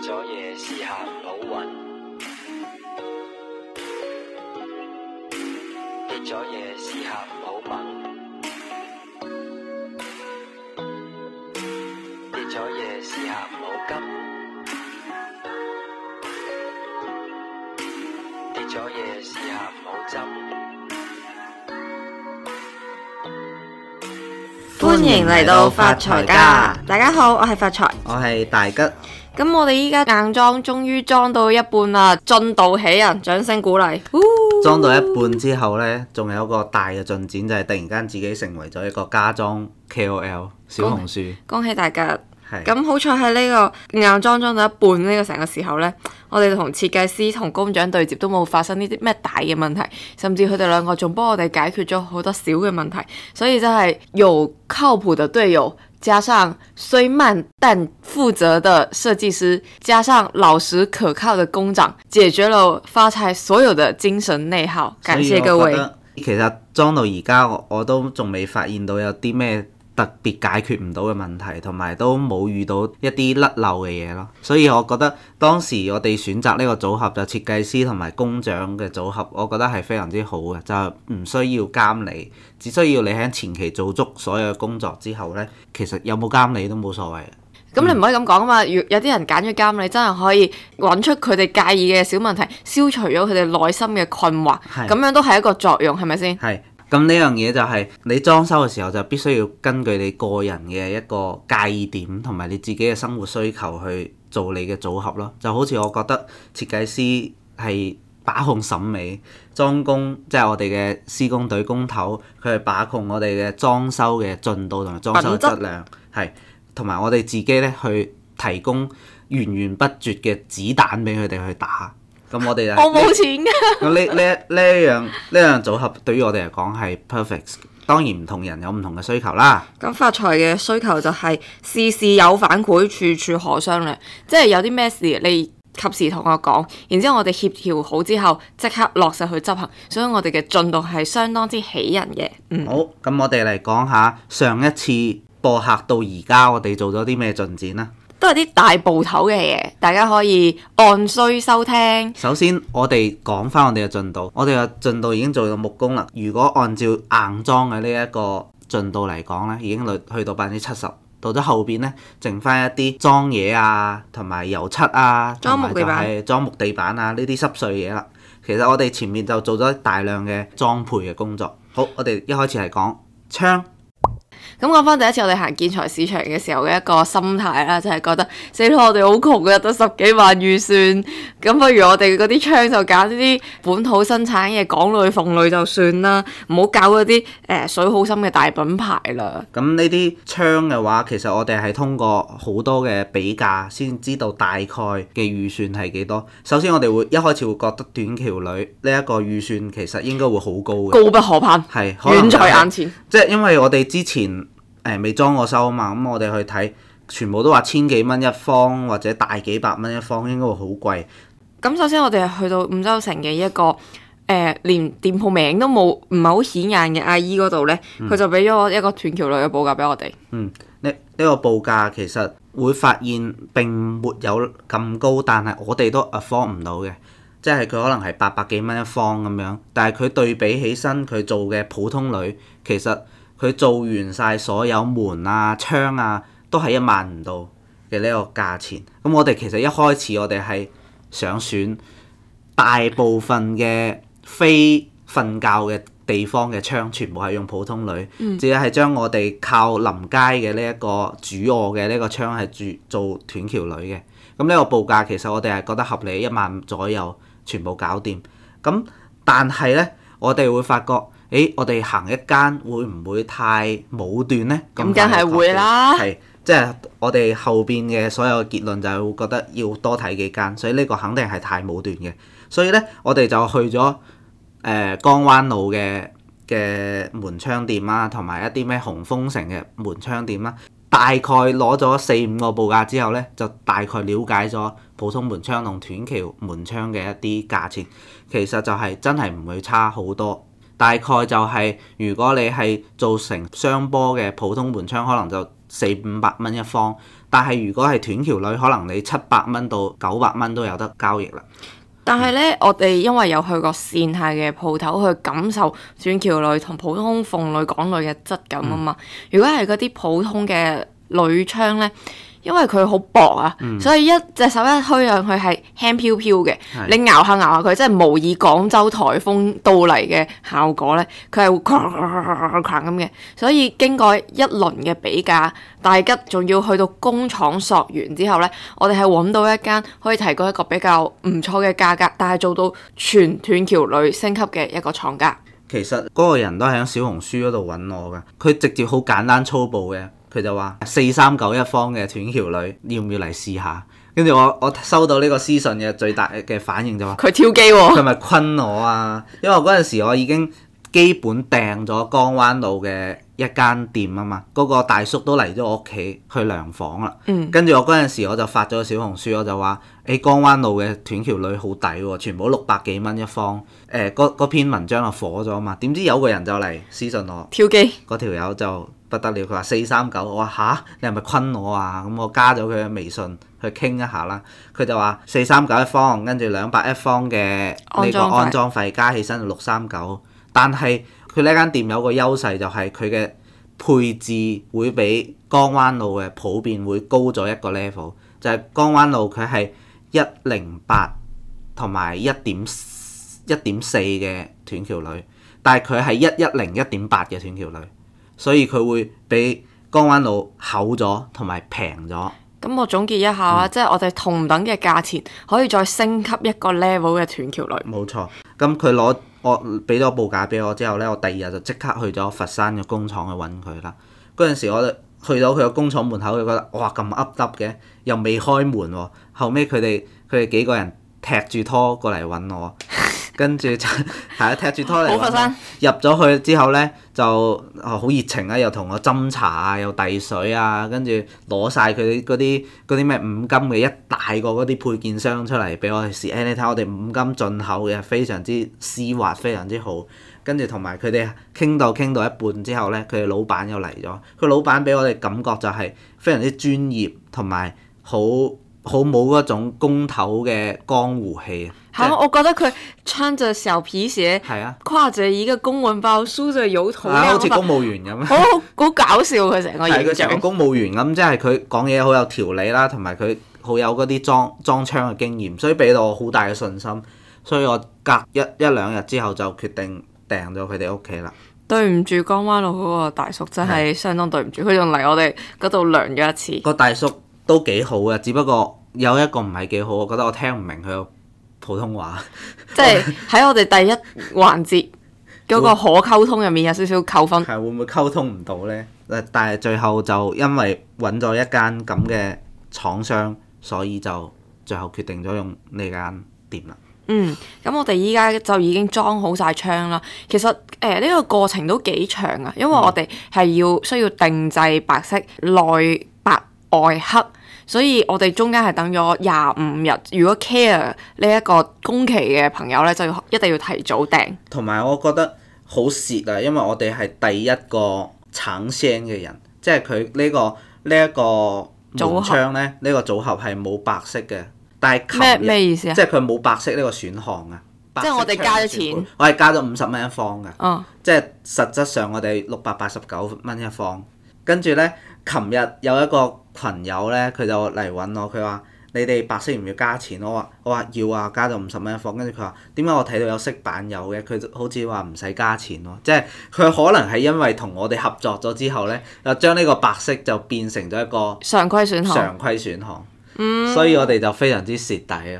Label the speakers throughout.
Speaker 1: 跌咗嘢試下唔好暈，跌咗嘢試下唔好猛，跌咗嘢試下唔好急，跌咗嘢試下唔好針。
Speaker 2: 歡迎嚟到發財家，大家好，我係發財，我係大吉。咁我哋依家硬裝終於裝到一半啦，進度喜人，掌聲鼓勵！
Speaker 3: 裝到一半之後呢，仲有一個大嘅進展就係、是、突然間自己成為咗一個家裝 K O L 小紅書恭，恭喜大家！
Speaker 2: 咁是好彩喺呢個硬裝裝到一半呢個成個時候呢，我哋同設計師同工長對接都冇發生呢啲咩大嘅問題，甚至佢哋兩個仲幫我哋解決咗好多小嘅問題，所以真、就、在、是、有靠譜嘅隊友。加上雖慢但負責的設計師，加上老實可靠的工長，解決咗發財所有的精神內耗。感謝各位。
Speaker 3: 其實裝到而家，我我都仲未發現到有啲咩特別解決唔到嘅問題，同埋都冇遇到一啲甩漏嘅嘢咯，所以我覺得當時我哋選擇呢個組合就設計師同埋工長嘅組合，我覺得係非常之好嘅，就唔需要監理，只需要你喺前期做足所有嘅工作之後呢，其實有冇監理都冇所謂
Speaker 2: 啦。咁你唔可以咁講啊嘛，嗯、有啲人揀咗監理，真係可以揾出佢哋介意嘅小問題，消除咗佢哋內心嘅困惑，咁樣都係一個作用，係咪先？
Speaker 3: 係。咁呢樣嘢就係、是、你裝修嘅時候就必須要根據你個人嘅一個介意點同埋你自己嘅生活需求去做你嘅組合咯。就好似我覺得設計師係把控審美，裝工即係、就是、我哋嘅施工隊工頭，佢係把控我哋嘅裝修嘅進度同埋裝修質量，品質。係，同埋我哋自己呢去提供源源不絕嘅子彈俾佢哋去打。咁我哋啊，我冇沒
Speaker 2: 錢
Speaker 3: 㗎。 咁呢呢一呢樣呢樣組合對於我哋嚟講係 perfect。當然唔同人有唔同嘅需求啦。
Speaker 2: 咁發財嘅需求就係、是、事事有反饋，處處可商量。即係有啲咩事，你及時同我講，然之後我哋協調好之後，即刻落實去執行。所以我哋嘅進度係相當之喜人嘅。嗯、
Speaker 3: 好，咁我哋嚟講下上一次播客到而家，我哋做咗啲咩進展啊？
Speaker 2: 都係啲大部頭嘅嘢，大家可以按需收聽。
Speaker 3: 首先，我哋講翻我哋嘅進度，我哋嘅進度已經做到木工啦。如果按照硬裝嘅呢一個進度嚟講呢，已經去到百分之七十。到咗後邊呢，剩翻一啲裝嘢啊，同埋油漆啊，同裝木，木地板啊呢啲濕碎嘢啦。其實我哋前面就做咗大量嘅裝配嘅工作。好，我哋一開始係講窗。
Speaker 2: 咁講翻第一次我哋行建材市場嘅時候嘅一個心態啦，就係、是、覺得死到我哋好窮嘅，得十幾萬預算，咁不如我哋嗰啲窗就揀呢啲本土生產嘅港鋁鳳鋁就算啦，唔好搞嗰啲誒水好深嘅大
Speaker 3: 品牌啦。咁呢啲窗嘅話，其實我哋係通過好多嘅比價先知道大概嘅預算係幾多。首先我哋會一開始會覺得斷橋鋁呢一個預算其實應該會好高嘅，高不可攀。係，遠在眼前。即係因為我哋之前。誒未裝過修啊嘛，咁、嗯、我哋去睇，全部都話千幾蚊一方或者大幾百蚊一方，應該會好貴。
Speaker 2: 咁首先我哋去到五洲城嘅一個誒、呃、連店鋪名都冇，唔係好顯眼嘅阿姨嗰度呢，佢就俾咗我一個斷橋鋁嘅報價俾我哋。嗯，
Speaker 3: 呢呢、呢個報價其實會發現並沒有咁高，但係我哋都 afford 唔到嘅，即係佢可能係八百幾蚊一方咁樣，但係佢對比起身佢做嘅普通鋁其實。佢做完晒所有門啊窗啊，都係一萬唔到嘅呢個價錢。咁我哋其實一開始我哋係想選大部分嘅非瞓覺嘅地方嘅窗，全部係用普通鋁，嗯、只係將我哋靠臨街嘅呢一個主卧嘅呢個窗係住做斷橋鋁嘅。咁呢個報價其實我哋係覺得合理，一萬左右全部搞掂。咁但係咧，我哋會發覺。誒，我哋行一間會唔會太武斷呢？咁梗係會啦，係即係我哋後邊嘅所有結論就係會覺得要多睇幾間，所以呢個肯定係太武斷嘅。所以呢，我哋就去咗誒、呃、江灣路嘅嘅門窗店啦、啊，同埋一啲咩紅峯城嘅門窗店啦、啊。大概攞咗四五個報價之後呢，就大概了解咗普通門窗同斷橋門窗嘅一啲價錢，其實就係真係唔會差好多。大概就係、是，如果你係做成雙玻嘅普通門窗，可能就四五百蚊一方；但係如果係斷橋鋁，可能你七百蚊到九百蚊都有得交易啦。
Speaker 2: 但係呢，嗯、我哋因為有去過線下嘅鋪頭去感受斷橋鋁同普通鳳鋁港鋁嘅質感啊嘛。嗯、如果係嗰啲普通嘅鋁窗呢？因為佢好薄啊，所以一隻手一推上去係輕飄飄嘅。是的 你搖下搖下佢，真係模擬廣州颱風到嚟嘅效果呢，佢係會咁嘅。所以經過一輪嘅比價，大吉仲要去到工廠索完之後呢，我哋係揾到一間可以提供一個比較唔錯嘅價格，但係做到全斷橋鋁升級嘅一個廠家。
Speaker 3: 其實嗰個人都係喺小紅書嗰度揾我㗎，佢直接好簡單粗暴嘅。佢就話四三九一方嘅斷橋鋁，要唔要嚟試下？跟住我我收到呢個私信嘅最大嘅反應就話：佢挑機喎、哦，佢咪昆我啊！因為嗰陣時我已經基本訂咗江灣路嘅一間店啊嘛，嗰、那個大叔都嚟咗我屋企去量房啦。跟住、嗯、我嗰陣時我就發咗個小紅書，我就話：你、欸、江灣路嘅斷橋鋁好抵喎，全部六百幾蚊一方。誒、呃，嗰篇文章就火咗啊嘛。點知有個人就嚟私信我，挑機嗰條友就。不得了，佢話四三九，我話吓，你係咪昆我啊？咁我加咗佢嘅微信去傾一下啦。佢就話四三九一方，跟住兩百一方嘅呢個安裝費加起身就六三九。但係佢呢間店有個優勢就係佢嘅配置會比江灣路嘅普遍會高咗一個 level。就係江灣路佢係一零八同埋一點一點四嘅斷橋鋁，但係佢係一一零一點八嘅斷橋鋁。所以佢會比江灣路厚咗同埋平咗。
Speaker 2: 咁我總結一下啦，嗯、即係我哋同等嘅價錢可以再升級一個 level 嘅斷橋鋁。
Speaker 3: 冇錯，咁佢攞我俾咗報價俾我之後呢，我第二日就即刻去咗佛山嘅工廠去揾佢啦。嗰、那、陣、個、時我去到佢嘅工廠門口，佢覺得哇咁噏噏嘅，又未開門喎、哦。後尾佢哋佢哋幾個人踢住拖過嚟揾我。 跟住就係啊，踢住拖嚟入咗去之後咧，就好熱情啊，又同我斟茶啊，又遞水啊，跟住攞晒佢哋嗰啲嗰啲咩五金嘅一大個嗰啲配件箱出嚟俾我哋試。誒、哎、你睇我哋五金進口嘅，非常之絲滑，非常之好。跟住同埋佢哋傾到傾到一半之後咧，佢哋老闆又嚟咗。佢老闆俾我哋感覺就係非常之專業同埋好。好冇嗰種工頭嘅江湖氣
Speaker 2: 啊！嚇、就是， 我覺得佢穿着小皮鞋，係啊，挎著一個公文包，梳著油頭，係啊，好似公務
Speaker 3: 員咁， 好
Speaker 2: 好搞笑佢成個成個
Speaker 3: 公務員咁，即係佢講嘢好有條理啦，同埋佢好有嗰啲裝裝槍嘅經驗，所以俾到我好大嘅信心。所以我隔一一,一兩日之後就決定訂咗佢哋屋企啦。
Speaker 2: 對唔住江灣路嗰、那個大叔，真
Speaker 3: 係相當對唔住，佢仲嚟我哋嗰度量咗一次。個 大叔。都幾好嘅，只不過有一個唔係幾好，我覺得我聽唔明佢個普通話，即係是喺 我
Speaker 2: 哋第一環節嗰 個可溝通入面有少少扣分。係會唔會溝通唔到
Speaker 3: 呢？但係最後就因為揾咗一間咁嘅廠商，所以就最後決定咗用呢間店啦。
Speaker 2: 嗯，咁我哋依家就已經裝好晒窗啦。其實誒呢、呃呢個過程都幾長啊，因為我哋係要需要定製白色、嗯、內白外黑，所以我哋中間係等咗廿五日。如果 care 呢一個工期嘅朋友咧，就要一定要
Speaker 3: 提早訂。同埋我覺得好蝕啊，因為我哋係第一個橙聲嘅人，即係佢呢個呢一個門窗咧，呢個組合係冇白色嘅。但係咩意思、啊、即係佢冇白色呢個選項啊。即係我哋加咗錢，我係加咗五十蚊一方嘅。嗯、即係實質上我哋六百八十九蚊一方，跟住咧琴日有一個。朋友呢，佢就嚟揾我，佢話：你哋白色唔要加錢？我話：我話要啊，加咗五十蚊一方。跟住佢話：點解我睇到有色板有嘅？佢就好似話唔使加錢咯，哦，即係佢可能係因為同我哋合作咗之後呢，就將呢個白色就變成咗一個
Speaker 2: 常規選項，常
Speaker 3: 規選項。嗯，所以我哋就非常之蝕底啊！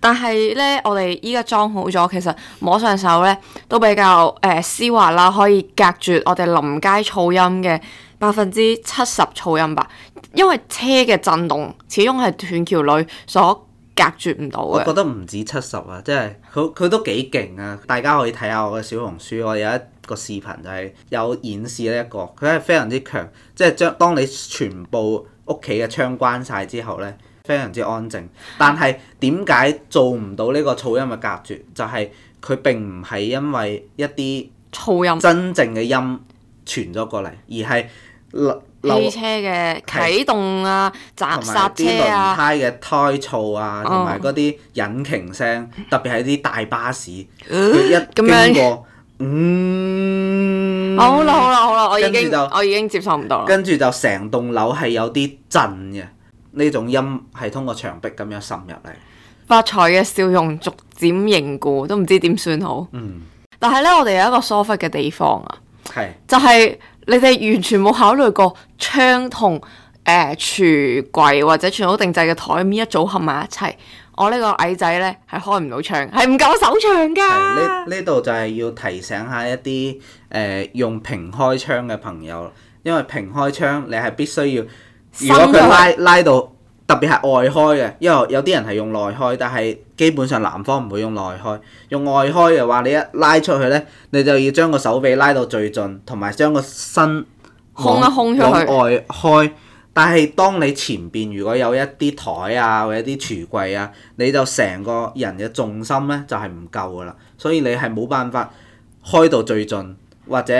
Speaker 2: 但係呢，我哋依家裝好咗，其實摸上手呢都比較誒絲滑啦，可以隔絕我哋臨街噪音嘅。百分之七十噪音吧，因為車嘅震動始終係斷橋鋁所隔絕唔到嘅。我覺得
Speaker 3: 唔止七十啊，即係佢佢都幾勁啊！大家可以睇下我嘅小紅書，我有一個視頻就係有演示呢、這、一個，佢係非常之強，即係將當你全部屋企嘅窗關晒之後咧，非常之安靜。但係點解做唔到呢個噪音嘅隔絕？就係、是、佢並唔係因為一啲噪音真正嘅音傳咗過嚟，而係。汽車
Speaker 2: 嘅啟動啊，剎車啊，輪胎
Speaker 3: 嘅胎噪啊，同埋嗰啲引擎聲，特別係啲大巴士，一經過，嗯，好啦好啦好啦，我已經我已經接受唔到啦。跟住就成棟樓係有啲震嘅，呢種音係通過牆壁咁樣滲入嚟。
Speaker 2: 發財嘅笑容逐漸凝固，都唔知點算好。嗯，但係咧，我哋有一個疏忽嘅地方啊，係就係。你哋完全冇考慮過窗同誒，櫥櫃或者全屋定制嘅台面一組合埋一齊，我呢個矮仔呢係開唔到窗，係唔夠手長
Speaker 3: 㗎。呢度就係要提醒下一啲誒、呃、用平開窗嘅朋友，因為平開窗你係必須要，手，拉痛拉到。特別係外開嘅，因為有啲人係用內開，但係基本上南方唔會用內開，用外開嘅話，你一拉出去咧，你就要將個手臂拉到最盡，同埋將個身空、啊，空一空向外開，但係當你前邊如果有一啲台啊，或者啲櫥櫃啊，你就成個人嘅重心咧就係唔夠噶啦，所以你係冇辦法開到最盡，或者。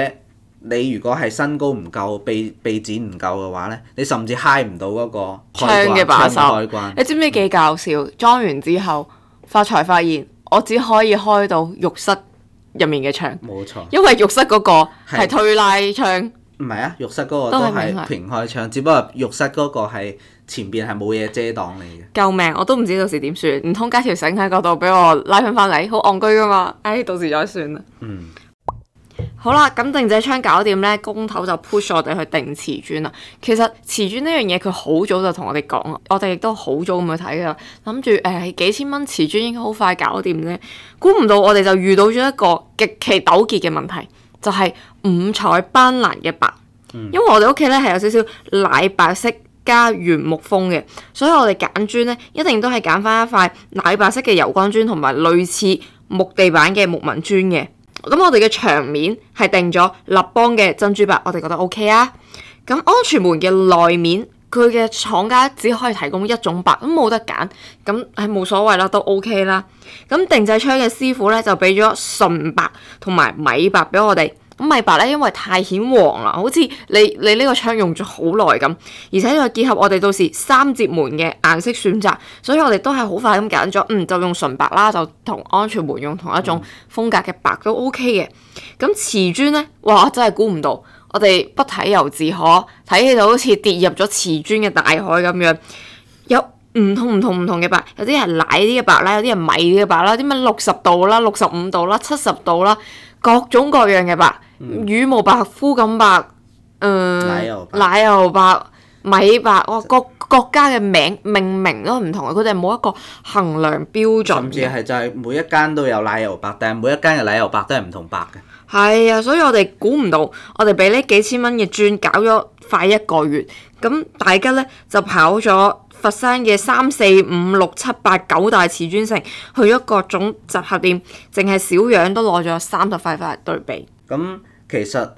Speaker 3: 你如果係身高唔夠、臂臂展唔夠嘅話呢，你甚至嗨唔到嗰個窗嘅把手、開關。你
Speaker 2: 知唔知幾搞笑？嗯、裝完之後發財發現，我只可以開到浴室
Speaker 3: 入面嘅窗。冇錯。因為浴室嗰個係推
Speaker 2: 拉窗。
Speaker 3: 唔係啊，浴室嗰個都係平開窗，只不過浴室嗰個係前邊係冇嘢遮擋你嘅。
Speaker 2: 救命！我都唔知到時點算，唔通加條繩喺嗰度俾我拉翻翻嚟？好戇居噶嘛？唉，到時再算啦。嗯。好啦，咁定製窗搞掂咧，工頭就 push 我哋去定瓷磚啦。其實瓷磚呢樣嘢佢好早就同我哋講啦，我哋亦都好早咁去睇㗎啦。諗住誒幾千蚊瓷磚應該好快搞掂咧，估唔到我哋就遇到咗一個極其糾結嘅問題，就係、是、五彩斑斕嘅白。嗯、因為我哋屋企咧係有少少奶白色加原木風嘅，所以我哋揀磚咧，一定都係揀翻一塊奶白色嘅柔光磚同埋類似木地板嘅木紋磚嘅。咁我哋嘅牆面係定咗立邦嘅珍珠白，我哋覺得 OK 啊。咁安全門嘅內面，佢嘅廠家只可以提供一種白，咁冇得揀。咁係冇所謂啦，都 OK 啦。咁定製窗嘅師傅咧，就俾咗純白同埋米白俾我哋。咁米白咧，因為太顯黃啦，好似你你呢個窗用咗好耐咁，而且又結合我哋到時三節門嘅顏色選擇，所以我哋都係好快咁揀咗，嗯，就用純白啦，就同安全門用同一種風格嘅白都 OK 嘅。咁瓷磚咧，哇，真係估唔到，我哋不睇由自可，睇起就好似跌入咗瓷磚嘅大海咁樣，有唔同唔同唔同嘅白，有啲係奶啲嘅白啦，有啲係米啲嘅白啦，有啲咩六十度啦、六十五度啦、七十度啦，各種各樣嘅白。嗯、羽毛白、灰感白、嗯、奶油白、奶
Speaker 3: 油白、米白，哇、哦實！各
Speaker 2: 國家嘅名命名都唔同啊！佢哋冇一個衡量標準，甚至係
Speaker 3: 就係每一間都有奶油白，但係每一間嘅奶油白都係唔同白
Speaker 2: 嘅。係啊，所以我哋估唔到，我哋俾呢幾千蚊嘅磚搞咗快一個月，咁大家呢，就跑咗佛山嘅三四五六七八九大瓷磚城，去咗各種集合店，淨係小樣都攞咗三十塊塊對比。
Speaker 3: 咁其實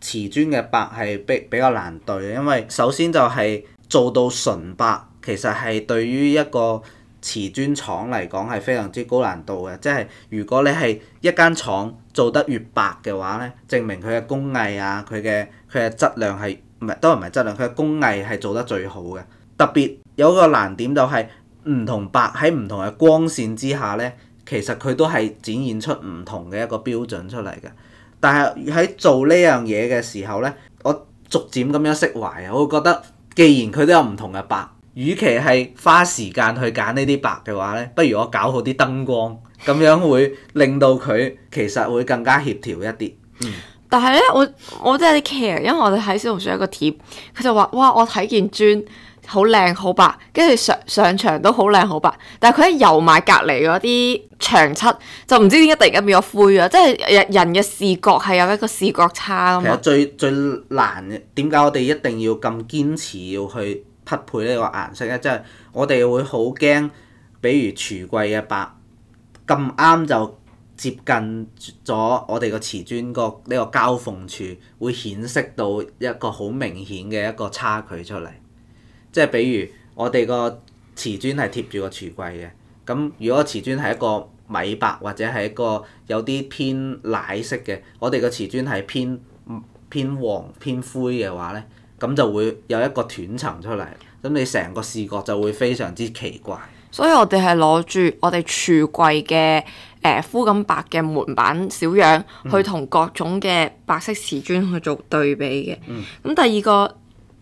Speaker 3: 瓷磚嘅白係比比較難對，因為首先就係做到純白，其實係對於一個瓷磚廠嚟講係非常之高難度嘅。即係如果你係一間廠做得越白嘅話咧，證明佢嘅工藝啊，佢嘅佢嘅質量係唔係都係唔係質量，佢嘅工藝係做得最好嘅。特別有一個難點就係唔同白喺唔同嘅光線之下咧，其實佢都係展現出唔同嘅一個標準出嚟嘅。但係喺做呢樣嘢嘅時候呢，我逐漸咁樣釋懷啊！我會覺得，既然佢都有唔同嘅白，與其係花時間去揀呢啲白嘅話呢，不如我搞好啲燈光，咁樣會令到佢其實會更加協調一啲。嗯，
Speaker 2: 但係呢，我我都有啲 care，因為我哋喺小紅書一個貼，佢就話：哇，我睇件磚，好靚好白，跟住上上牆都好靚好白，但係佢一油埋隔離嗰啲牆漆，就唔知點解突然間變咗灰咗，即係人嘅視覺係有一個視覺差啊嘛。其實
Speaker 3: 最最難嘅點解我哋一定要咁堅持要去匹配呢個顏色咧，即係我哋會好驚，比如櫥櫃嘅白咁啱就接近咗我哋個瓷磚個呢個交縫處，會顯色到一個好明顯嘅一個差距出嚟。即係比如我哋個瓷磚係貼住個廚櫃嘅，咁如果個瓷磚係一個米白或者係一個有啲偏奶色嘅，我哋個瓷磚係偏偏黃偏灰嘅話呢咁就會有一個斷層出嚟，咁你成個視覺就會非常之奇怪。
Speaker 2: 所以我哋係攞住我哋廚櫃嘅誒灰咁白嘅門板小樣去同各種嘅白色瓷磚去做對比嘅。咁、嗯、第二個。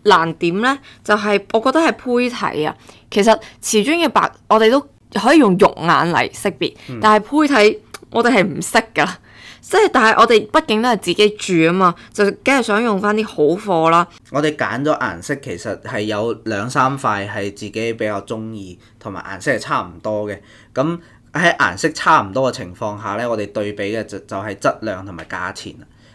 Speaker 2: 難點呢，就係、是、我覺得係胚體啊。其實瓷磚嘅白，我哋都可以用肉眼嚟識別，嗯、但係胚體我哋係唔識噶。
Speaker 3: 即係，但係我哋畢竟都係自己住啊嘛，就梗係想用翻啲好貨啦。我哋揀咗顏色，其實係有兩三塊係自己比較中意，同埋顏色係差唔多嘅。咁喺顏色差唔多嘅情況下呢，我哋對比嘅就就係質量同埋價錢。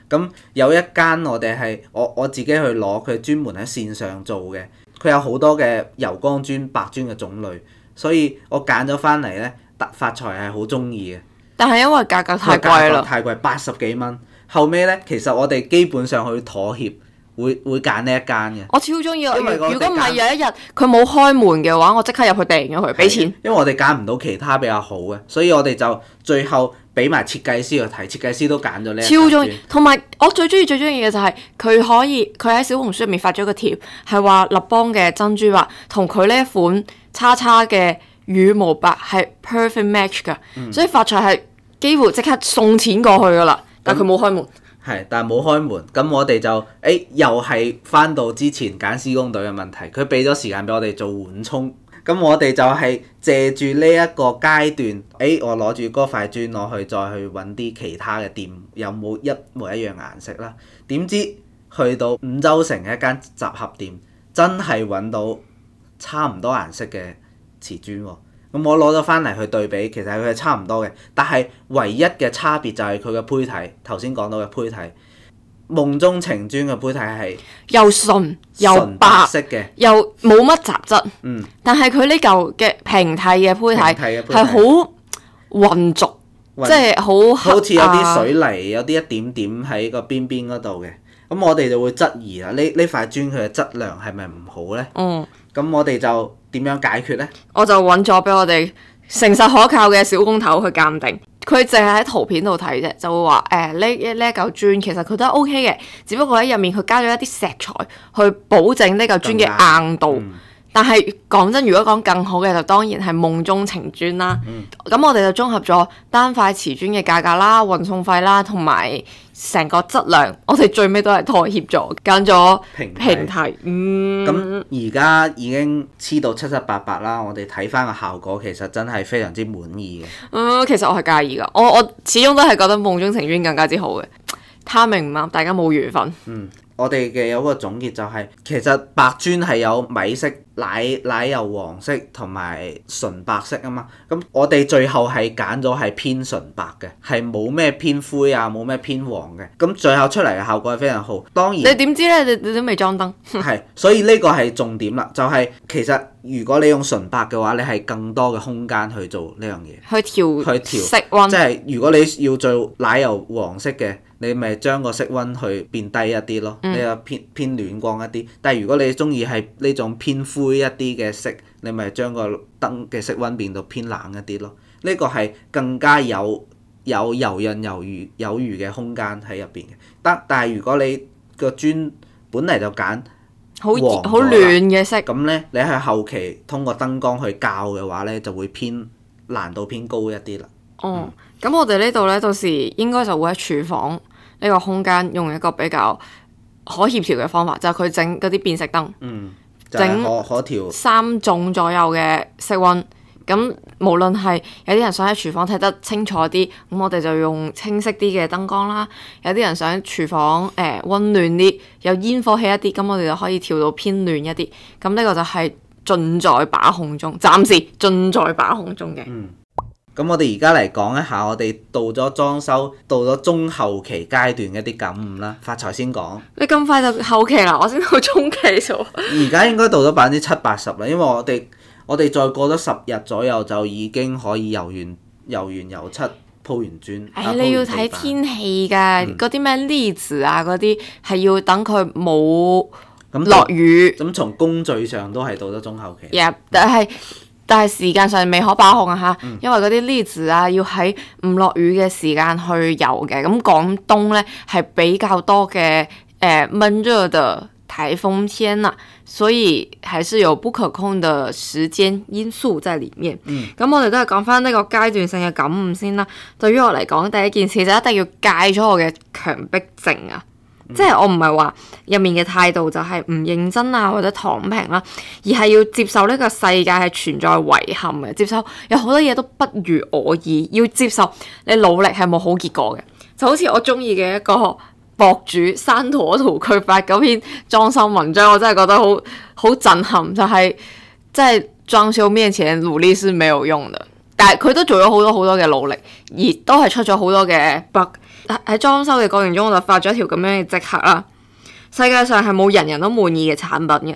Speaker 3: 咁有一間我哋係我我自己去攞佢專門喺線上做嘅，佢有好多嘅柔光磚、白磚嘅種類，所以我揀咗翻嚟呢發發財係好中意嘅。
Speaker 2: 但係因為價格太貴啦，
Speaker 3: 太貴八十幾蚊，後尾呢，其實我哋基本上去妥協，會會揀呢一間嘅。我
Speaker 2: 超中意，如果唔係有
Speaker 3: 一日佢冇開門嘅話，我即刻入去訂咗佢俾錢。因為我哋揀唔到其他比較好嘅，所以我哋就最後。俾埋設計師去睇，設計師都揀咗呢一款。超中重意，
Speaker 2: 同埋我最中意最中意嘅就係、是、佢可以佢喺小紅書入面發咗個貼，係話立邦嘅珍珠白同佢呢一款叉叉嘅羽毛白係 perfect match 㗎，嗯、所以發財係幾乎即刻送
Speaker 3: 錢過去㗎啦，嗯、但佢冇開門。係、嗯，但係冇開門，咁我哋就誒、哎、又係翻到之前揀施工隊嘅問題，佢俾咗時間俾我哋做緩衝。咁我哋就係借住呢一個階段，誒、哎，我攞住嗰塊磚攞去再去揾啲其他嘅店，有冇一模一樣顏色啦？點知去到五洲城一間集合店，真係揾到差唔多顏色嘅瓷磚喎、哦。咁我攞咗返嚟去對比，其實佢係差唔多嘅，但係唯一嘅差別就係佢嘅胚體，頭先講到嘅胚體。夢中情磚嘅胚體係又純又白色嘅，
Speaker 2: 又冇乜白雜質。嗯，但係佢呢嚿嘅平替嘅胚體係好混濁，
Speaker 3: 即係好好似有啲水泥，啊、有啲一點點喺個邊邊嗰度嘅。咁我哋就會質疑啦，呢呢塊磚佢嘅質量係咪唔好呢？」嗯，咁我哋就點樣解決呢？我就
Speaker 2: 揾咗俾我哋誠實可靠嘅小工頭去鑒定。佢淨係喺圖片度睇啫，就會話誒，呢一呢一嚿磚其實佢都係 OK 嘅，只不過喺入面佢加咗一啲石材去保證呢嚿磚嘅硬度。嗯但係講真，如果講更好嘅，就當然係夢中情磚啦。咁、嗯、我哋就綜合咗單塊瓷磚嘅價格啦、運送費啦，同埋成個質量，我哋最尾都係妥協咗，揀咗平台平替。
Speaker 3: 嗯。咁而家已經黐到七七八八啦，我哋睇翻個效果，其實真係非常之滿意嘅。
Speaker 2: 其實我係介意噶，我我始終都係覺得
Speaker 3: 夢中情磚更加之好嘅。Timing 唔啱，大家冇緣分。嗯。我哋嘅有一個總結就係，是，其實白磚係有米色、奶奶油黃色同埋純白色啊嘛。咁我哋最後係揀咗係偏純白嘅，係冇咩偏灰啊，冇咩偏黃嘅。咁最後出嚟嘅效果係非常好。當然，你
Speaker 2: 點知呢？你你都未裝
Speaker 3: 燈。係， 所以呢個係重點啦。就係，是、其實如果你用純白嘅話，你係更多嘅空間去做呢樣嘢
Speaker 2: 去調去調色
Speaker 3: 溫。即係，就是、如果你要做奶奶油黃色嘅。你咪將個色溫去變低一啲咯，你又偏偏暖光一啲。但係如果你中意係呢種偏灰一啲嘅色，你咪將個燈嘅色溫變到偏冷一啲咯。呢個係更加有有游刃、有餘、有餘嘅空間喺入邊嘅。但係如果你個磚本嚟就揀
Speaker 2: 好熱好暖
Speaker 3: 嘅色，咁咧你喺後期通過燈光去校嘅話咧，就會偏難度偏高一啲啦。Oh. 嗯。
Speaker 2: 咁我哋呢度呢，到時應該就會喺廚房呢個空間用一個比較可協調嘅方法，就係佢整嗰啲變色燈，
Speaker 3: 整可可調
Speaker 2: 三種左右嘅色温。咁無論係有啲人想喺廚房睇得清楚啲，咁我哋就用清晰啲嘅燈光啦；有啲人想喺廚房誒，呃，温暖啲，有煙火氣一啲，咁我哋就可以調到偏暖一啲。咁呢個就係盡在把控中，暫時盡在把控中嘅。嗯。
Speaker 3: 咁我哋而家嚟講一下，我哋到咗裝修到咗中後期階段嘅一啲感悟啦。發財先講，你
Speaker 2: 咁快就後期啦，我先到中期
Speaker 3: 數。而家應該到咗百分之七八十啦，因為我哋我哋再過咗十日左右就已經可以油完油完油漆鋪完磚。哎呀，你要睇
Speaker 2: 天氣㗎，嗰啲咩 lead 啊，嗰啲係要等佢冇
Speaker 3: 咁落雨。咁從工序上都係到咗中後期。
Speaker 2: 但係，但係時間上未可把控啊嚇，嗯、因為嗰啲 lift 啊要喺唔落雨嘅時間去遊嘅，咁廣東咧係比較多嘅，誒、呃、悶熱嘅颱風天啦，啊，所以還是有不可控嘅時間因素在裡面。咁、嗯、我哋都係講返呢個階段性嘅感悟先啦。對於我嚟講，第一件事就一定要戒咗我嘅強迫症啊！即係我唔係話入面嘅態度就係唔認真啊或者躺平啦、啊，而係要接受呢個世界係存在遺憾嘅，接受有好多嘢都不如我意，要接受你努力係冇好結果嘅。就好似我中意嘅一個博主山土圖佢發嗰篇裝修文章，我真係覺得好好震撼，就係即係裝修面前努力是沒有用嘅，但係佢都做咗好多好多嘅努力，而都係出咗好多嘅喺喺裝修嘅過程中，我就發咗一條咁樣嘅即刻啦。世界上係冇人人都滿意嘅產品嘅，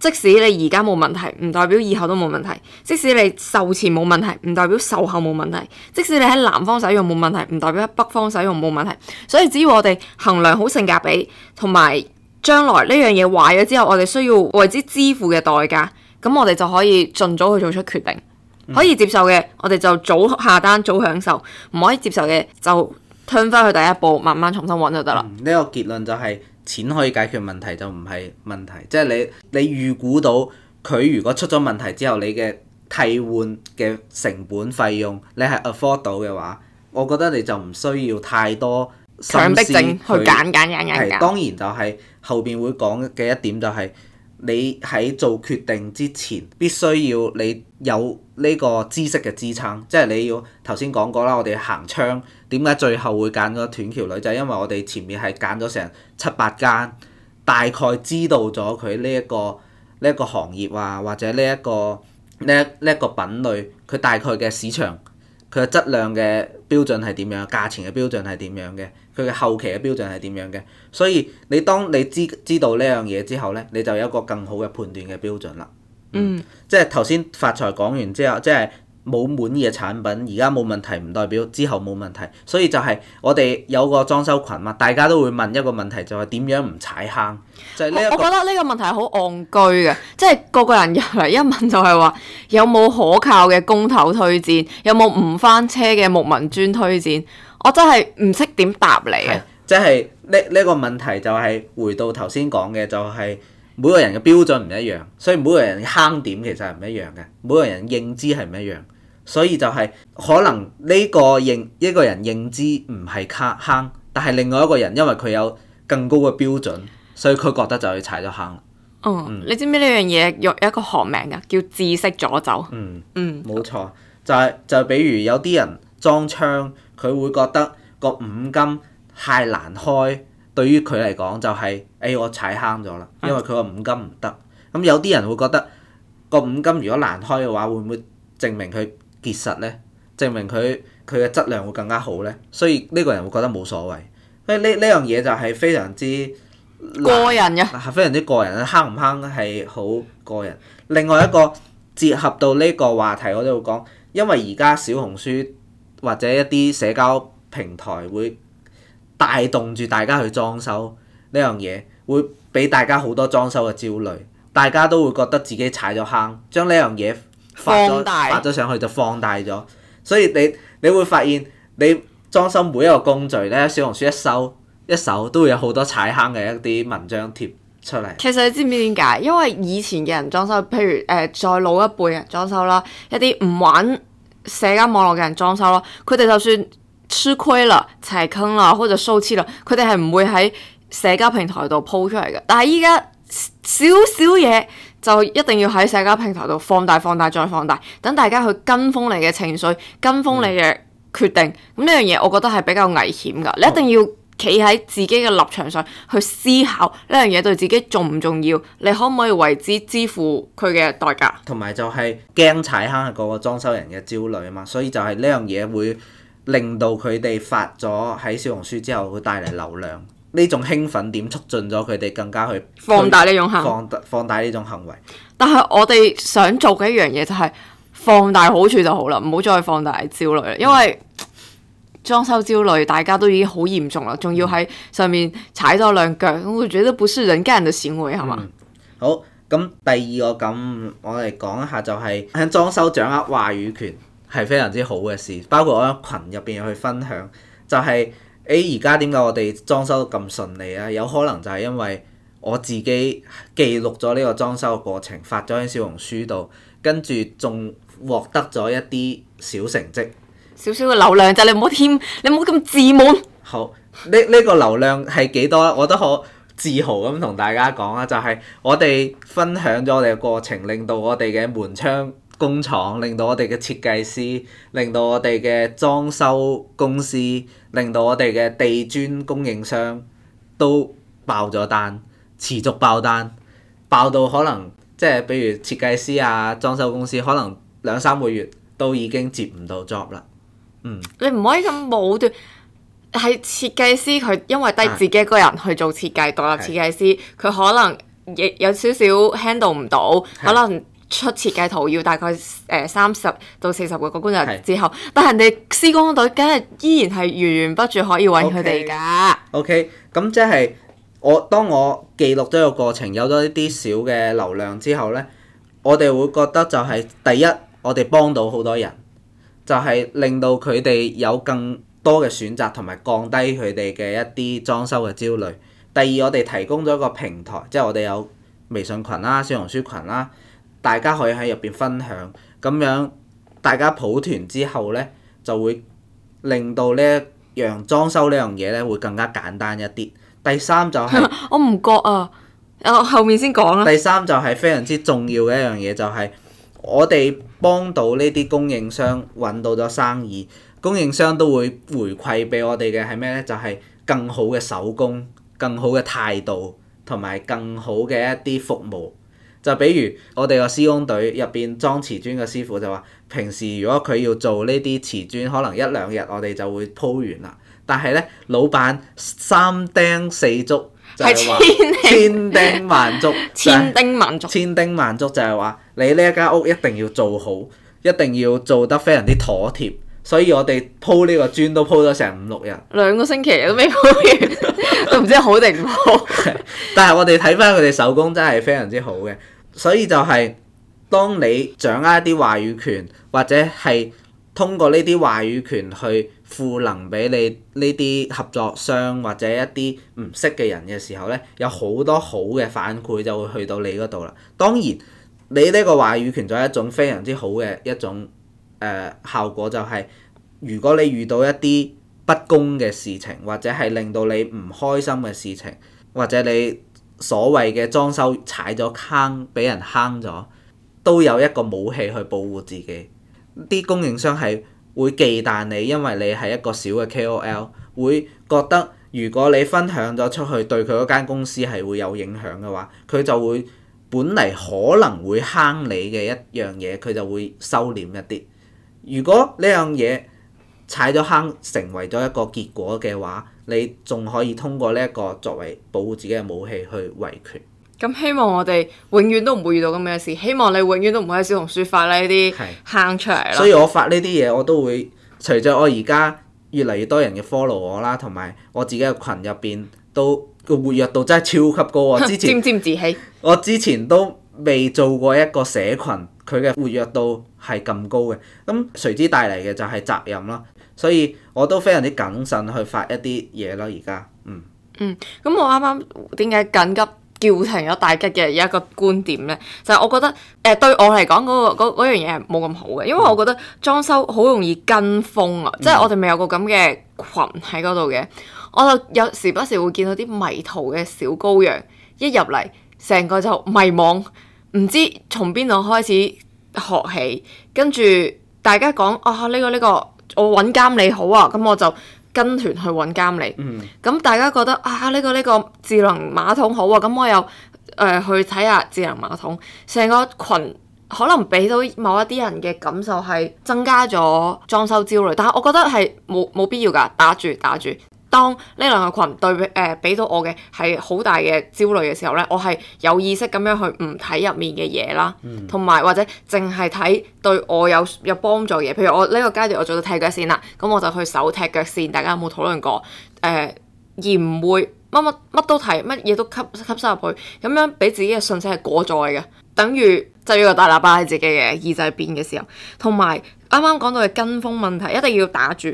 Speaker 2: 即使你而家冇問題，唔代表以後都冇問題；即使你售前冇問題，唔代表售後冇問題；即使你喺南方使用冇問題，唔代表北方使用冇問題。所以只要我哋衡量好性價比，同埋將來呢樣嘢壞咗之後，我哋需要為之支付嘅代價，咁我哋就可以盡早去做出決定。嗯、可以接受嘅，我哋就早下單早享受；唔可以接受嘅就，退
Speaker 3: 翻去第一步，慢慢重新揾就得啦。呢、嗯呢個結論就係、是、錢可以解決問題就唔係問題，即係你你預估到佢如果出咗問題之後，你嘅替換嘅成本費用你係 afford 到嘅話，我覺得你就唔需要太多，強迫症去揀揀揀揀揀。是當然就係後邊會講嘅一點就係、是。你喺做決定之前，必須要你有呢個知識嘅支撐，即係你要頭先講過啦，我哋行窗點解最後會揀咗斷橋鋁，就係因為我哋前面係揀咗成七八間，大概知道咗佢呢一個呢一個行業啊，或者呢一個呢呢一個品類，佢大概嘅市場，佢嘅質量嘅標準係點樣，價錢嘅標準係點樣嘅。佢嘅後期嘅標準係點樣嘅？所以你當你知知道呢樣嘢之後呢，你就有一個更好嘅判斷嘅標準啦。嗯，嗯，即係頭先發財講完之後，即係冇滿意嘅產品，而家冇問題，唔代表之後冇問題。所以就係我哋有個裝修群嘛，大家都會問一個問題，就係、是、點樣唔踩坑？就係呢一個我。我覺得
Speaker 2: 呢個問題好戇
Speaker 3: 居嘅， 即係個個人入嚟一問就係、是、話有冇可靠
Speaker 2: 嘅工頭推薦，有冇唔翻車嘅木紋磚推薦。我真係唔識
Speaker 3: 點答你啊！即係呢呢個問題就係、是、回到頭先講嘅，就係、是、每個人嘅標準唔一樣，所以每個人嘅坑點其實係唔一樣嘅，每個人認知係唔一樣，所以就係、是、可能呢個認一個人認知唔係卡坑，但係另外一個人因為佢有更高嘅標準，所以佢覺得就去踩咗坑啦。哦，嗯、你知
Speaker 2: 唔知呢樣嘢有有一個學名噶，叫「知識詛咒」，嗯
Speaker 3: 嗯，冇錯、嗯，就係、是、就比如有啲人裝窗。佢會覺得個五金太難開，對於佢嚟講就係、是，誒、哎、我踩坑咗啦，因為佢個五金唔得。咁有啲人會覺得個五金如果難開嘅話，會唔會證明佢結實咧？證明佢佢嘅質量會更加好咧？所以呢個人會覺得冇所謂。所以呢呢樣嘢就係非常之個人㗎，非常之個人啦。坑唔坑係好個人。另外一個結合到呢個話題，我都會講，因為而家小紅書，或者一啲社交平台會帶動住大家去裝修呢樣嘢，會俾大家好多裝修嘅焦慮，大家都會覺得自己踩咗坑，將呢樣嘢
Speaker 1: 放大發
Speaker 3: 咗上去就放大咗。所以你你會發現，你裝修每一個工序呢，小紅書一收一搜，都會有好多踩坑嘅一啲文章貼出嚟。其
Speaker 2: 實你知唔知點解？因為以前嘅人裝修，譬如誒、呃、再老一輩人裝修啦，一啲唔玩社交網絡嘅人裝修咯，佢哋就算吃虧啦、踩坑啦，或者受氣啦，佢哋係唔會喺社交平台度鋪出嚟嘅。但係依家少少嘢，就一定要喺社交平台度放，放，放大，放大再放大，等大家去跟風你嘅情緒、跟風你嘅決定。咁呢、嗯、樣嘢，我覺得係比較危險㗎，你一定要，哦。企喺自己嘅立場上去思考呢樣嘢對自己重唔重
Speaker 3: 要，你可唔可以為之支付佢嘅代價？同埋就係驚踩坑係嗰個裝修人嘅焦慮啊嘛，所以就係呢樣嘢會令到佢哋發咗喺小紅書之後會帶嚟流量呢種興奮點，促進咗佢哋更加去放大呢種行，放，放大呢種行為。但係我哋
Speaker 2: 想做嘅一樣嘢就係放大好處就好啦，唔好再放大焦慮啦，因為、嗯。裝修焦慮，大家都已經好嚴重啦，仲要喺上面踩多兩腳，我會覺得不是人家人嘅行為係嘛、嗯？
Speaker 3: 好，咁第二個咁，我哋講一下就係喺裝修掌握話語權係非常之好嘅事，包括我喺群入邊去分享，就係誒而家點解我哋裝修咁順利啊？有可能就係因為我自己記錄咗呢個裝修嘅過程，發咗喺小紅書度，跟住仲獲得咗一啲小成績。少少嘅流量就你唔好添，你唔好咁自滿。好，呢、呢、呢個流量係幾多？我都好自豪咁同大家講啊，就係、係、我哋分享咗我哋嘅過程，令到我哋嘅門窗工廠，令到我哋嘅設計師，令到我哋嘅裝修公司，令到我哋嘅地磚供應商都爆咗單，持續爆單爆到可能即係比如設計師啊、裝修公司，可能兩三個月都已經接唔到 job 啦。
Speaker 2: 嗯，你唔可以咁武斷。係設計師佢因為得自己一個人去做設計，獨、啊、立設計師佢是可能亦有少少 handle 唔到，是可能出設計圖要大概誒三十到四十個個工作日之後，是但係人哋施工隊梗係依然係源源不絕可以揾佢哋噶。
Speaker 3: OK，咁、okay，即係我當我記錄咗個過程，有咗一啲小嘅流量之後咧，我哋會覺得就係、是、第一，我哋幫到好多人。就係令到佢哋有更多嘅選擇同埋降低佢哋嘅一啲裝修嘅焦慮。第二，我哋提供咗一個平台，即係我哋有微信群啦、啊、小紅書群啦、啊，大家可以喺入邊分享。咁樣大家抱團之後咧，就會令到呢一樣裝修樣呢樣嘢咧會更加簡單一啲。第三就係、是、 我唔覺啊，啊後面先講啦。第三就係非常之重要嘅一樣嘢、就是，就係。我哋幫到呢啲供應商揾到咗生意，供應商都會回饋俾我哋嘅係咩咧？就係更好嘅手工、更好嘅態度同埋更好嘅一啲服務。就比如我哋個施工隊入邊裝瓷磚嘅師傅就話，平時如果佢要做呢啲瓷磚，可能一兩日我哋就會鋪完啦。但係咧，老闆三叮四囑。係千丁千叮萬囑，千叮萬囑，千叮萬囑就係話你呢一間屋一定要做好，一定要做得非常之妥帖。所以我哋鋪呢個磚都鋪咗成五六日，
Speaker 2: 兩個星期都未鋪完，
Speaker 3: 都唔知好定唔好。 但係我哋睇返佢哋手工真係非常之好嘅，所以就係、是、當你掌握一啲話語權，或者係通過呢啲話語權去。賦能俾你呢啲合作商或者一啲唔識嘅人嘅時候呢，有好多好嘅反饋就會去到你嗰度啦。當然，你呢個話語權就係一種非常之好嘅一種誒、呃、效果、就是，就係如果你遇到一啲不公嘅事情，或者係令到你唔開心嘅事情，或者你所謂嘅裝修踩咗坑，俾人坑咗，都有一個武器去保護自己。啲供應商係，會忌憚你，因為你係一個小嘅 KOL，會覺得如果你分享咗出去，對佢嗰間公司係會有影響嘅話，佢就會本嚟可能會坑你嘅一樣嘢，佢就會收斂一啲。如果呢樣嘢踩咗坑，成為咗一個結果嘅話，你仲可以通過呢一個作為保護自己嘅武器去維權。
Speaker 2: 咁希望我哋永遠都唔會遇到咁嘅事。希望你永遠都唔會喺小紅書發呢啲坑出嚟
Speaker 3: 咯。所以，我發呢啲嘢我都會隨着我而家越嚟越多人嘅 follow 我啦，同埋我自己嘅群入邊都個活躍度真係超級高啊！沾沾自喜，我之前都未做過一個社群，佢嘅活躍度係咁高嘅。咁隨之帶嚟嘅就係責任啦，所以我都非常之謹慎去發一啲嘢啦。而家嗯嗯，
Speaker 2: 咁、嗯、我啱啱點解緊急？叫停咗大吉嘅一個觀點呢，就係、是、我覺得誒、呃、對我嚟講嗰個樣嘢係冇咁好嘅，因為我覺得裝修好容易跟風啊！嗯、即係我哋未有個咁嘅群喺嗰度嘅，我就有時不時會見到啲迷途嘅小羔羊一入嚟，成個就迷惘，唔知從邊度開始學起，跟住大家講啊呢、這個呢、這個，我揾監理好啊，咁、嗯、我就。跟團去揾監理，咁、嗯嗯、大家覺得啊呢、呢個呢、呢個智能馬桶好喎、啊，咁、嗯、我又誒、呃、去睇下智能馬桶，成個群可能俾到某一啲人嘅感受係增加咗裝修焦慮，但係我覺得係冇冇必要㗎，打住打住。當呢兩個群對誒俾、呃、到我嘅係好大嘅焦慮嘅時候呢，我係有意識咁樣去唔睇入面嘅嘢啦，同埋、嗯、或者淨係睇對我有有幫助嘅嘢。譬如我呢個階段我做到踢腳線啦，咁我就去手踢腳線。大家有冇討論過誒、呃？而唔會乜乜乜都睇，乜嘢都吸吸收入去，咁樣俾自己嘅信息係過載嘅，等於擠咗個大喇叭喺自己嘅耳仔入邊嘅時候。同埋啱啱講到嘅跟風問題，一定要打住。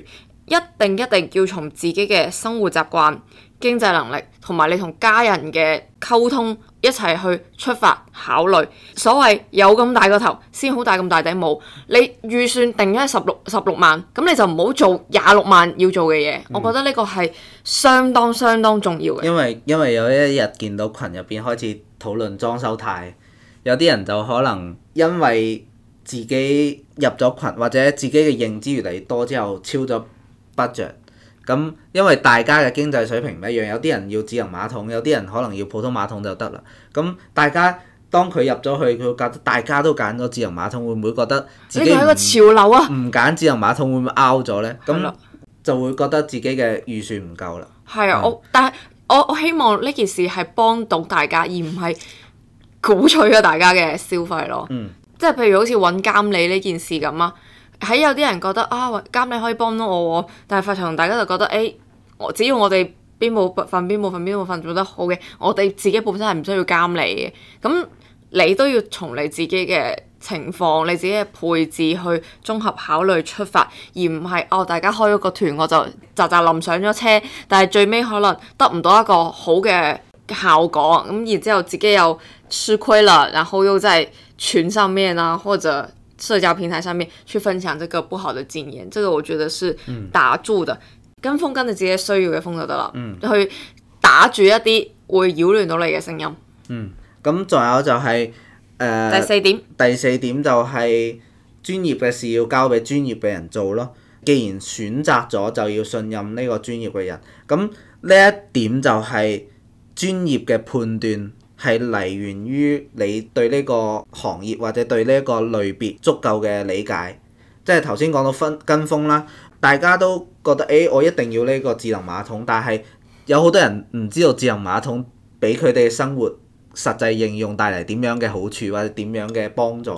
Speaker 2: 一定一定要從自己嘅生活習慣、經濟能力同埋你同家人嘅溝通一齊去出發考慮。所謂有咁大個頭先好戴咁大頂帽，你預算定咗十六十六萬，咁你就唔好做廿六萬要做嘅嘢。嗯，我覺得呢個係
Speaker 3: 相當相當重要嘅。因為因為有一日見到群入邊開始討論裝修貸，有啲人就可能因為自己入咗群，或者自己嘅認知越嚟越多之後超咗。不着，咁，因為大家嘅經濟水平唔一樣，有啲人要智能馬桶，有啲人可能要普通馬桶就得啦。咁大家當佢入咗去，佢會覺得大家都揀咗智能馬桶，會唔會覺得即係一個潮流啊？唔揀智能馬桶會唔會 out 咗呢？咁的就會覺得自己嘅預算唔夠啦。係啊的的，我
Speaker 2: 但係我我希望呢件事係幫到大家，而唔係鼓吹咗大家嘅消費咯。嗯，即係譬如好似揾監理呢件事咁啊。喺有啲人覺得啊，監你可以幫到我喎，但係發財同大家就覺得，誒、欸，我只要我哋邊部分邊部分邊部分做得好嘅，我哋自己本身係唔需要監你嘅。咁你都要從你自己嘅情況、你自己嘅配置去綜合考慮出發，而唔係哦，大家開咗個團我就喳喳臨上咗車，但係最尾可能得唔到一個好嘅效果。咁然之後自己又輸虧啦，然後又在羣心咩啊或者，社交平台上面去分享這個不好的經驗，這個我覺得是打住的，嗯、跟風跟着自己需要嘅風就得啦，嗯，去打住一啲會擾亂到你嘅聲音。嗯，
Speaker 3: 咁仲有就係、是、誒、呃、第四點，第四點就係專業嘅事要交俾專業嘅人做咯。既然選擇咗，就要信任呢個專業嘅人。咁呢一點就係專業嘅判斷。係嚟源於你對呢個行業或者對呢一個類別足夠嘅理解，即係頭先講到跟跟風啦，大家都覺得誒、哎、我一定要呢個智能馬桶，但係有好多人唔知道智能馬桶俾佢哋生活實際應用帶嚟點樣嘅好處或者點樣嘅幫助，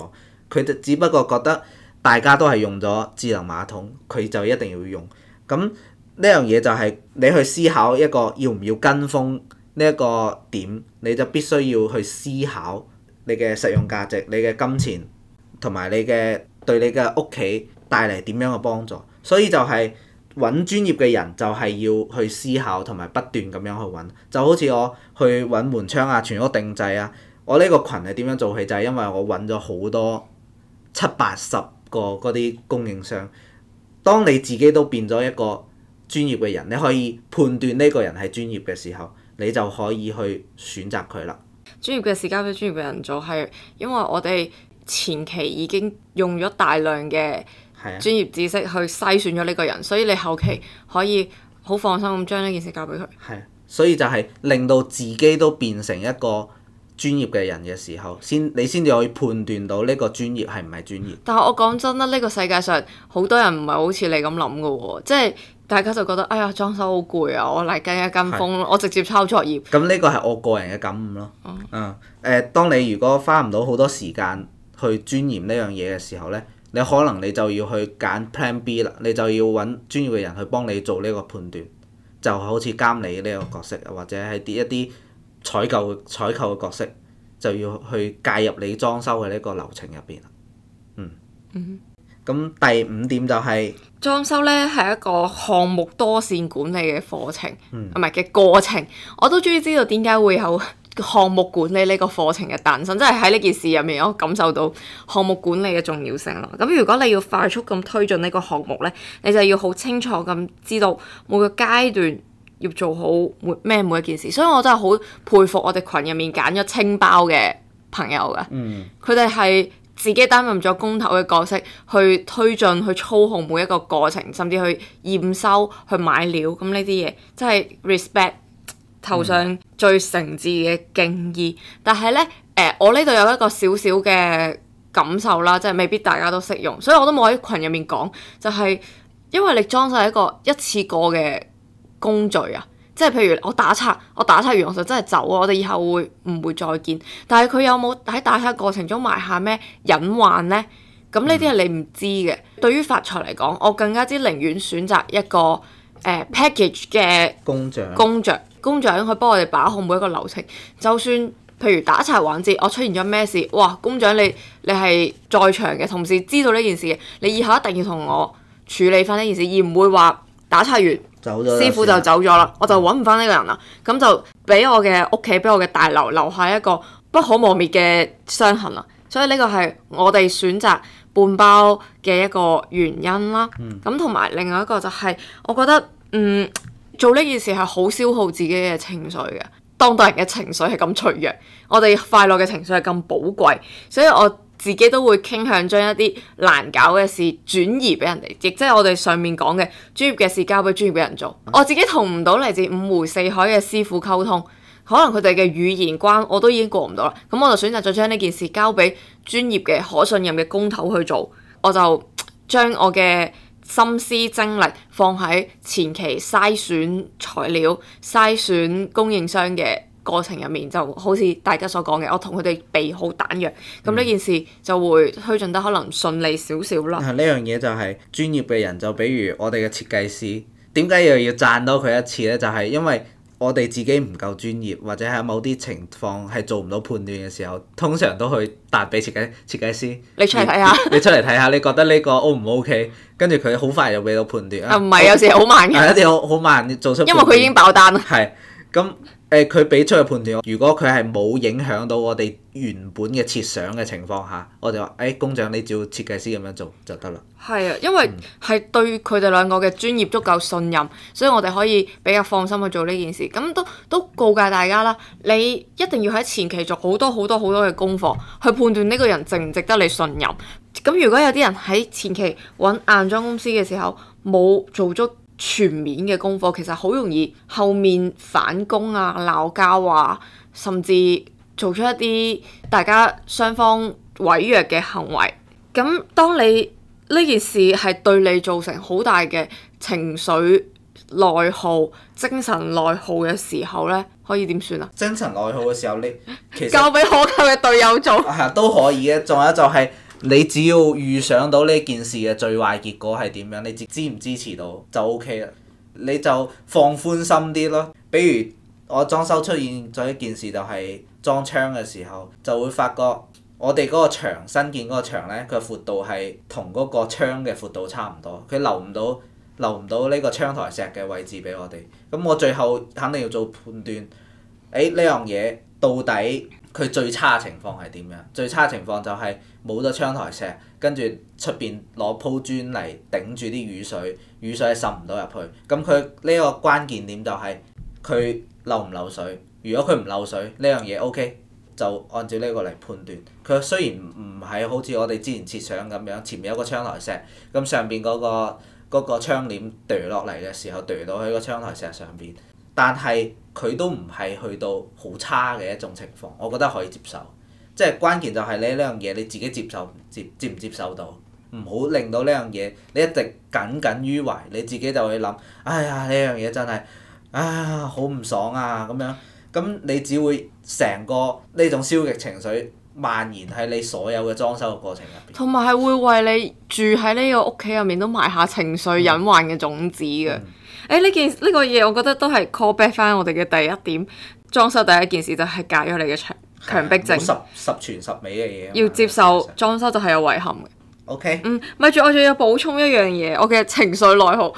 Speaker 3: 佢哋只不過覺得大家都係用咗智能馬桶，佢就一定要用，咁呢樣嘢就係你去思考一個要唔要跟風。呢一個點，你就必須要去思考你嘅實用價值、你嘅金錢同埋你嘅對你嘅屋企帶嚟點樣嘅幫助，所以就係揾專業嘅人就係要去思考同埋不斷咁樣去揾，就好似我去揾門窗啊、全屋定制啊，我呢個群係點樣做起就係因為我揾咗好多七八十個嗰啲供應商。當你自己都變咗一個專業嘅人，你可以判斷呢個人係專業嘅時候。你就可以去選擇佢啦。
Speaker 2: 專業嘅事交俾專業嘅人做，係因為我哋前期已經用咗大量嘅專業知識去篩選咗呢個人，係，所以你後期可以好放心咁將呢件事交俾佢。
Speaker 3: 係，所以就係令到自己都變成一個專業嘅人嘅時候，先你先至可以判斷到呢個專業係唔係專業。
Speaker 2: 但係我講真啦，呢個世界上好多人唔係好似你咁諗嘅喎，即係。大家就覺得，哎呀，裝修好攰啊！我嚟跟一跟風咯，的我直接抄作業。
Speaker 3: 咁呢個係我個人嘅感悟咯。嗯。誒， 當你如果花唔到好多時間去鑽研呢樣嘢嘅時候呢，你可能你就要去揀 Plan B 啦，你就要揾專業嘅人去幫你做呢個判斷，就好似監理呢個角色，或者係啲一啲採購採購嘅角色，就要去介入你裝修嘅呢個流程入邊。咁第五點就係
Speaker 2: 裝修咧，係一個項目多線管理嘅課程，唔係嘅過程。我都終於知道點解會有項目管理呢個課程嘅誕生，即係喺呢件事入面，我感受到項目管理嘅重要性咯。咁如果你要快速咁推進呢個項目咧，你就要好清楚咁知道每個階段要做好每咩每一件事。所以我真係好佩服我哋群入面揀咗清包嘅朋友噶，佢哋係。自己擔任咗工頭嘅角色，去推進、去操控每一個過程，甚至去驗收、去買料，咁呢啲嘢真係 respect 頭上最誠摯嘅敬意。嗯、但係呢，誒、呃，我呢度有一個小小嘅感受啦，即係未必大家都識用，所以我都冇喺群入面講，就係、是、因為你裝晒一個一次過嘅工序啊。即係譬如我打拆，我打拆完我就真係走啊。我哋以後會唔會再見？但係佢有冇喺打拆過程中埋下咩隱患呢？咁呢啲係你唔知嘅。嗯、對於發財嚟講，我更加之寧願選擇一個、呃、package 嘅
Speaker 3: 工長。工
Speaker 2: 長，工長可以幫我哋把控每一個流程。就算譬如打拆環節，我出現咗咩事，哇！工長，你你係在場嘅，同事，知道呢件事嘅，你以後一定要同我處理翻呢件事，而唔會話打拆完。
Speaker 3: 師傅就走
Speaker 2: 咗啦，我就揾唔返呢個人啦，咁就俾我嘅屋企，俾我嘅大樓留下一個不可磨滅嘅傷痕啦。所以呢個係我哋選擇半包嘅一個原因啦。咁同埋另外一個就係，我覺得嗯做呢件事係好消耗自己嘅情緒嘅，當代人嘅情緒係咁脆弱，我哋快樂嘅情緒係咁寶貴，所以我自己都會傾向將一啲難搞嘅事轉移俾人哋，亦即係我哋上面講嘅專業嘅事交俾專業嘅人做。我自己同唔到嚟自五湖四海嘅師傅溝通，可能佢哋嘅語言關我都已經過唔到啦。咁我就選擇咗將呢件事交俾專業嘅可信任嘅工頭去做。我就將我嘅心思精力放喺前期篩選材料、篩選供應商嘅過程入面就好似大家所講嘅，我同佢哋備好彈藥，咁呢件事就會推進得可能順利少少啦。呢樣
Speaker 3: 嘢就係專業嘅人，就比如我哋嘅設計師，點解又要讚多佢一次呢？就係因為我哋自己唔夠專業，或者喺某啲情況係做唔到判斷嘅時候，通常都去彈畀設計設計師。你出嚟睇下，你出嚟睇下，你覺得呢個 O 唔 O K？跟住佢好快就俾到判斷啊！唔係，有時好慢嘅，有時好好慢，做出。因為佢已經爆單。係咁。誒佢俾出嘅判斷，如果佢係冇影響到我哋原本嘅設想嘅情況下，我就話：誒、哎、工長你照設計師咁樣做就得啦。
Speaker 2: 係啊，因為係、嗯、對佢哋兩個嘅專業足夠信任，所以我哋可以比較放心去做呢件事。咁都都告誡大家啦，你一定要喺前期做好多好多好多嘅功課，去判斷呢個人值唔值得你信任。咁如果有啲人喺前期揾硬裝公司嘅時候冇做足。全面嘅功課其實好容易，後面反攻啊、鬧交啊，甚至做出一啲大家雙方毀約嘅行為。咁當你呢件事係對你造成好大嘅情緒內耗、精神內耗嘅時候呢，可以點算啊？精神內耗嘅時候，你 其實交俾可
Speaker 3: 靠嘅隊友做、 啊，都可以嘅。仲有就係、是。你只要預想到呢件事嘅最壞結果係點樣，你支支唔支持到就 OK 啦，你就放寬心啲咯。比如我裝修出現咗一件事，就係裝窗嘅時候，就會發覺我哋嗰個牆新建嗰個牆呢，佢闊度係同嗰個窗嘅闊度差唔多，佢留唔到留唔到呢個窗台石嘅位置俾我哋。咁我最後肯定要做判斷。誒呢樣嘢到底佢最差情況係點樣？最差情況就係冇咗窗台石，跟住出邊攞鋪磚嚟頂住啲雨水，雨水係滲唔到入去。咁佢呢個關鍵點就係佢漏唔漏水。如果佢唔漏水，呢樣嘢 OK，就按照呢個嚟判斷。佢雖然唔係好似我哋之前設想咁樣，前面有個窗台石，咁上邊嗰個嗰個窗簾墜落嚟嘅時候墜到喺個窗台石上邊。但係佢都唔係去到好差嘅一種情況，我覺得可以接受。即係關鍵就係你呢一樣嘢你自己接受接唔接，接受到，唔好令到呢樣嘢你一直耿耿於懷，你自己就去諗，哎呀呢樣嘢真係啊、哎、好唔爽啊咁樣，咁你只會成個呢種消極情緒蔓延喺你所有嘅裝修嘅過程入邊，
Speaker 2: 同埋係會為你住喺呢個屋企入面都埋下情緒隱患嘅種子嘅。嗯嗯誒呢、欸、件呢、這個嘢，我覺得都係 callback 翻我哋嘅第一點裝修第一件事就解，就係戒咗你嘅強強迫症。十
Speaker 3: 十全十美嘅嘢，要
Speaker 2: 接受實，裝修就係有遺憾嘅。OK。嗯，咪住我仲要補充一樣嘢，我嘅情緒內耗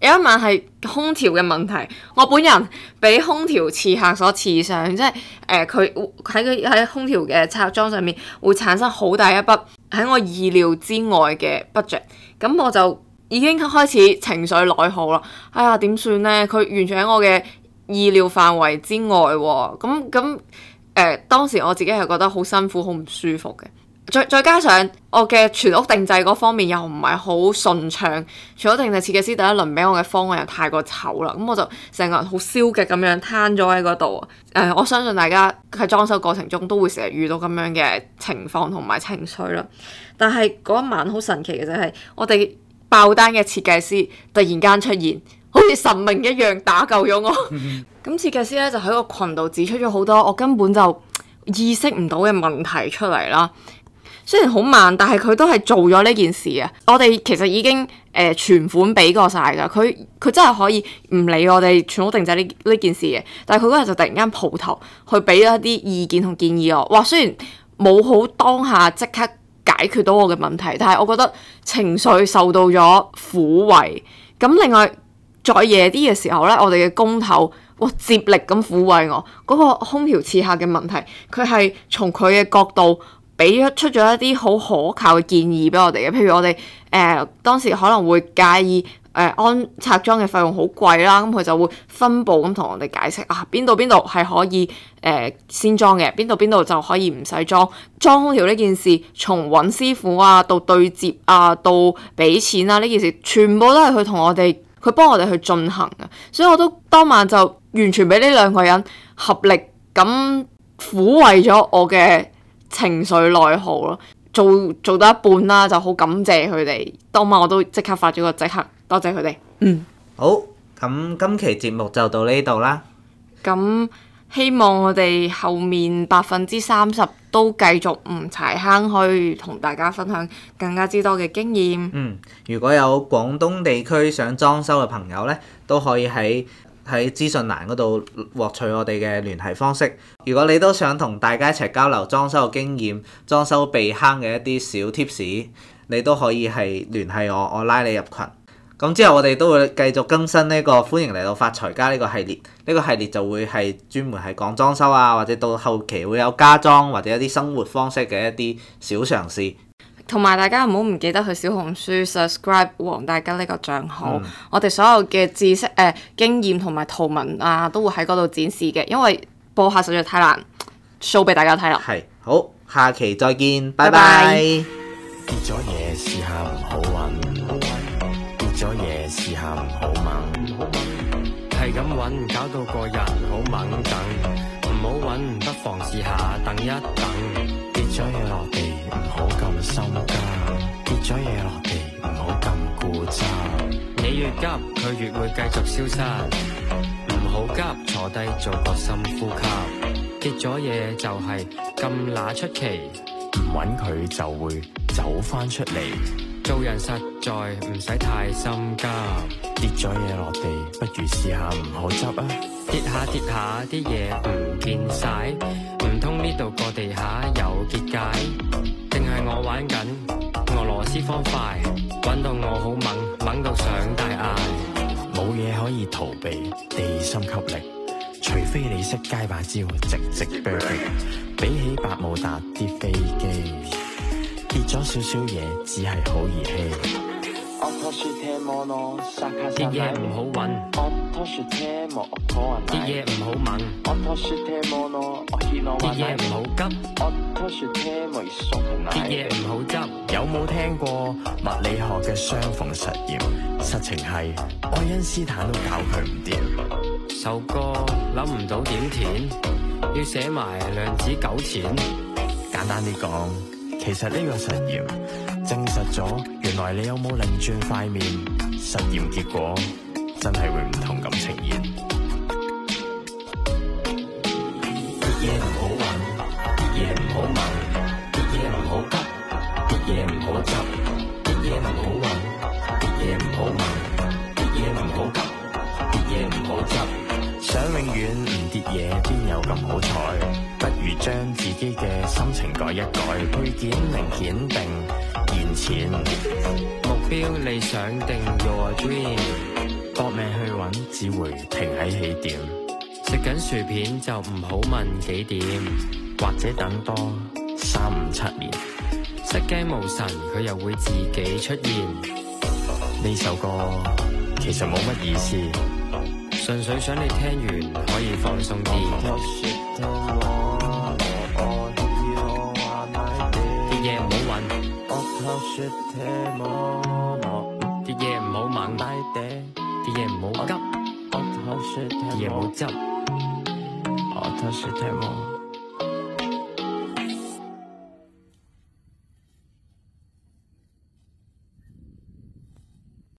Speaker 2: 有一晚係空調嘅問題，我本人俾空調刺客所刺傷，即係誒佢喺佢喺空調嘅拆裝上面會產生好大一筆喺我意料之外嘅 budget，咁我就。已經開始情緒內耗啦！哎呀，點算呢？佢完全喺我嘅意料範圍之外喎。咁咁誒，當時我自己係覺得好辛苦、好唔舒服嘅。再再加上我嘅全屋定製嗰方面又唔係好順暢，除咗定製設計師第一輪俾我嘅方案又太過醜啦。咁、嗯、我就成個人好消極咁樣攤咗喺嗰度啊！誒、呃，我相信大家喺裝修過程中都會成日遇到咁樣嘅情況同埋情緒啦。但係嗰一晚好神奇嘅就係我哋，爆單嘅設計師突然間出現，好似神明一樣打救咗我。咁設計師咧就喺個群度指出咗好多我根本就意識唔到嘅問題出嚟啦。雖然好慢，但係佢都係做咗呢件事嘅。我哋其實已經誒全款俾過晒噶，佢佢真係可以唔理我哋全屋定製呢呢件事嘅。但係佢嗰日就突然間蒲頭去俾咗一啲意見同建議我。哇，雖然冇好當下即刻。解決到我嘅問題，但係我覺得情緒受到咗撫慰。咁另外，再夜啲嘅時候呢，我哋嘅工頭哇，接力咁撫慰我。嗰、那個空調刺客嘅問題，佢係從佢嘅角度俾出咗一啲好可靠嘅建議俾我哋嘅。譬如我哋誒、呃、當時可能會介意。.安、uh, 拆裝嘅費用好貴啦，咁佢就會分佈咁同我哋解釋啊，邊度邊度係可以、呃、先裝嘅，邊度邊度就可以唔使裝。裝空調呢件事，從揾師傅啊，到對接啊，到俾錢啊，呢件事全部都係佢同我哋，佢幫我哋去進行嘅，所以我都當晚就完全俾呢兩個人合力咁撫慰咗我嘅情緒內耗咯。做做到一半啦，就好感謝佢哋。當晚我都即刻發咗個即刻多謝佢哋。
Speaker 3: 嗯，好。咁，嗯，今期節目就到呢度啦。
Speaker 2: 咁，嗯，希望我哋後面百分之三十都繼續唔柴坑，可以同大家分享更加之多嘅經驗。嗯，
Speaker 3: 如果有廣東地區想裝修嘅朋友呢，都可以喺。喺資訊欄嗰度獲取我哋嘅聯繫方式。如果你都想同大家一齊交流裝修嘅經驗、裝修避坑嘅一啲小 tips，你都可以係聯繫我，我拉你入群。咁之後我哋都會繼續更新呢個歡迎嚟到發財家呢個系列。呢個系列就會係專門係講裝修啊，或者到後期會有家裝或者一啲生活方式嘅一啲小嘗試。
Speaker 2: 同埋大家唔好唔記得去小紅書 subscribe 黃大吉呢個帳號，嗯、我哋所有嘅知識、誒、呃、經驗同埋圖文啊，都會喺嗰度展示嘅。因為播客實在太難，show 俾大家睇啦。係，
Speaker 3: 好，下期再見，拜拜 bye。跌咗嘢試下唔好搵，唔
Speaker 1: 好搵，跌咗嘢試下唔好猛，唔好係咁搵，搞到個人好猛，唔好搵，不妨試下，等一等，跌咗嘢落唔好咁心急，跌咗嘢落地唔好咁固執。你越急佢越會繼續消失，唔好急，坐低做個深呼吸。跌咗嘢就係咁乸出奇，唔揾佢就會走翻出嚟。做人實在唔使太心急，跌咗嘢落地不如試下唔好執啊！跌下跌下啲嘢唔見晒，唔通呢度個地下有結界？玩緊俄羅斯方塊，揾到我好猛，猛到上大嗌。冇嘢可以逃避地心吸力，除非你識街霸之招，直直 break。比起百慕達啲飛機，跌咗少少嘢，只係好兒戲。啲嘢唔好揾，啲嘢唔好問，啲嘢唔好急，啲嘢唔好執。complaint. 有冇聽過物理學嘅雙縫實驗？ 實情係愛因斯坦都搞佢唔掂。首歌諗唔到點填，要寫埋量子糾纏。簡單啲講，其實呢個實驗。證實咗，原來你有冇擰轉塊面？實驗結果真係會唔同咁呈現。跌嘢唔好揾，跌嘢唔好問，跌嘢唔好急，跌嘢唔好執。跌嘢唔好揾，跌嘢唔好問，跌嘢唔好急，跌嘢唔好執。想永遠唔跌嘢，邊有咁好彩？不如將自己嘅心情改一改，配件零件定。目標你想定 your dream，搏命去揾，只會停喺起點。食緊薯片就唔好問幾點，或者等多三五七年。失驚無神，佢又會自己出現。呢首歌其實冇乜意思，純粹想你聽完可以放鬆啲。 啲嘢唔好搵，啲嘢唔好急，啲嘢唔好執。